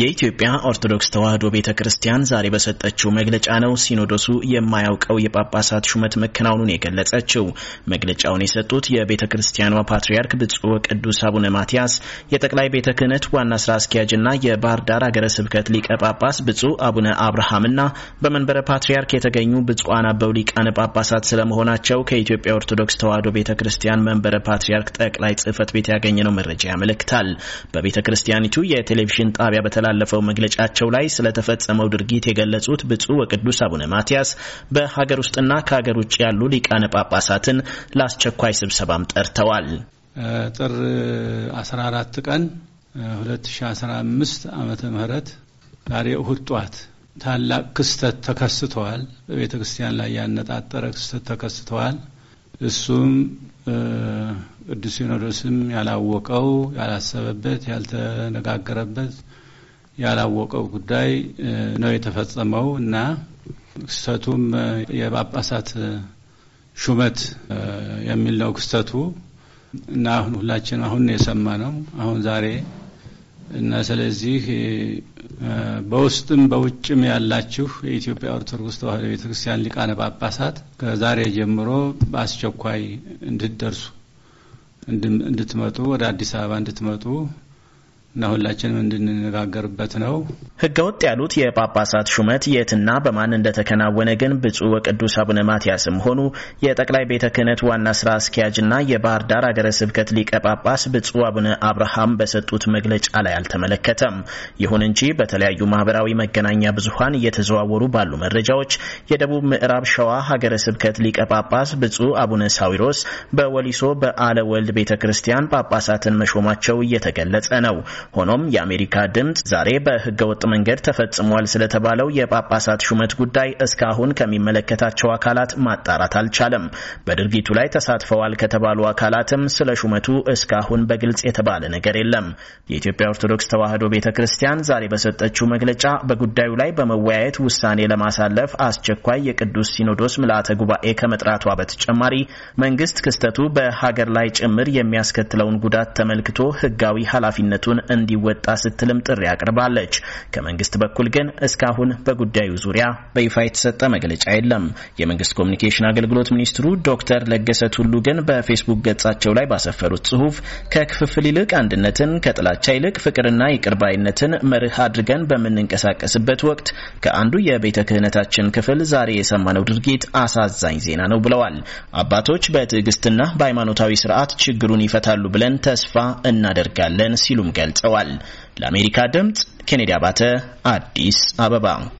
የኢትዮጵያ ኦርቶዶክስ ተዋሕዶ ቤተ ክርስቲያን ዛሬ በሰጠችው መግለጫ ነው ሲኖዶሱ የማያውቀው የጳጳሳት ሹመት መከናወኑን የገለጸችው። መግለጫውን የሰጡት የቤተ ክርስቲያኗ ፓትርያርክ ብፁዕ ቅዱስ አቡነ ማትያስ፣ የጠቅላይ ቤተ ክህነት ዋና ስራ አስኪያጅና የባህር ዳር ሀገረ ስብከት ሊቀ ጳጳስ ብፁዕ አቡነ አብርሃምና በመንበረ ፓትርያርክ የተገኙ ብፁዓን አበው ሊቃነ ጳጳሳት ስለመሆናቸው ከኢትዮጵያ ኦርቶዶክስ ተዋሕዶ ቤተ ክርስቲያን መንበረ ፓትርያርክ ጠቅላይ ጽህፈት ቤት ያገኘነው መረጃ ያመለክታል። በቤተ ክርስቲያኒቱ የቴሌቪዥን ጣቢያ በተላ ባስተላለፈው መግለጫቸው ላይ ስለተፈጸመው ድርጊት የገለጹት ብፁዕ ወቅዱስ አቡነ ማትያስ በሀገር ውስጥና ከሀገር ውጭ ያሉ ሊቃነ ጳጳሳትን ለአስቸኳይ ስብሰባም ጠርተዋል። ጥር 14 ቀን 2015 ዓመተ ምህረት ዛሬ እሁድ ጧት ታላቅ ክስተት ተከስተዋል። በቤተ ክርስቲያን ላይ ያነጣጠረ ክስተት ተከስተዋል። እሱም ቅዱስ ሲኖዶስም ያላወቀው ያላሰበበት፣ ያልተነጋገረበት ያላወቀው ጉዳይ ነው የተፈጸመው እና ክስተቱም የጳጳሳት ሹመት የሚል ነው ክስተቱ እና አሁን ሁላችን አሁን የሰማ ነው አሁን ዛሬ እና ስለዚህ በውስጥም በውጭም ያላችሁ የኢትዮጵያ ኦርቶዶክስ ተዋሕዶ ቤተክርስቲያን ሊቃነ ጳጳሳት ከዛሬ ጀምሮ በአስቸኳይ እንድትደርሱ እንድትመጡ ወደ አዲስ አበባ እንድትመጡ እና ሁላችንም እንድንነጋገርበት ነው። ህገ ወጥ ያሉት የጳጳሳት ሹመት የትና በማን እንደተከናወነ ግን ብፁዕ ወቅዱስ አቡነ ማትያስም ሆኑ የጠቅላይ ቤተ ክህነት ዋና ስራ አስኪያጅና የባህር ዳር አገረ ስብከት ሊቀ ጳጳስ ብፁዕ አቡነ አብርሃም በሰጡት መግለጫ ላይ አልተመለከተም። ይሁን እንጂ በተለያዩ ማህበራዊ መገናኛ ብዙሀን እየተዘዋወሩ ባሉ መረጃዎች የደቡብ ምዕራብ ሸዋ ሀገረ ስብከት ሊቀ ጳጳስ ብፁዕ አቡነ ሳዊሮስ በወሊሶ በአለ ወልድ ቤተ ክርስቲያን ጳጳሳትን መሾማቸው እየተገለጸ ነው። ሆኖም የአሜሪካ ድምፅ ዛሬ በህገወጥ መንገድ ተፈጽሟል ስለተባለው የጳጳሳት ሹመት ጉዳይ እስካሁን ከሚመለከታቸው አካላት ማጣራት አልቻለም። በድርጊቱ ላይ ተሳትፈዋል ከተባሉ አካላትም ስለ ሹመቱ እስካሁን በግልጽ የተባለ ነገር የለም። የኢትዮጵያ ኦርቶዶክስ ተዋህዶ ቤተ ክርስቲያን ዛሬ በሰጠችው መግለጫ በጉዳዩ ላይ በመወያየት ውሳኔ ለማሳለፍ አስቸኳይ የቅዱስ ሲኖዶስ ምልአተ ጉባኤ ከመጥራቷ በተጨማሪ መንግስት ክስተቱ በሀገር ላይ ጭምር የሚያስከትለውን ጉዳት ተመልክቶ ህጋዊ ኃላፊነቱን እንዲወጣ ስትልም ጥሪ አቅርባለች። ከመንግስት በኩል ግን እስካሁን በጉዳዩ ዙሪያ በይፋ የተሰጠ መግለጫ የለም። የመንግስት ኮሚኒኬሽን አገልግሎት ሚኒስትሩ ዶክተር ለገሰ ቱሉ ግን በፌስቡክ ገጻቸው ላይ ባሰፈሩት ጽሁፍ ከክፍፍል ይልቅ አንድነትን፣ ከጥላቻ ይልቅ ፍቅርና ይቅርባይነትን መርህ አድርገን በምንንቀሳቀስበት ወቅት ከአንዱ የቤተ ክህነታችን ክፍል ዛሬ የሰማነው ድርጊት አሳዛኝ ዜና ነው ብለዋል። አባቶች በትዕግስትና በሃይማኖታዊ ስርዓት ችግሩን ይፈታሉ ብለን ተስፋ እናደርጋለን ሲሉም ገልጸዋል። ገልጸዋል። ለአሜሪካ ድምጽ ኬኔዲ አባተ አዲስ አበባ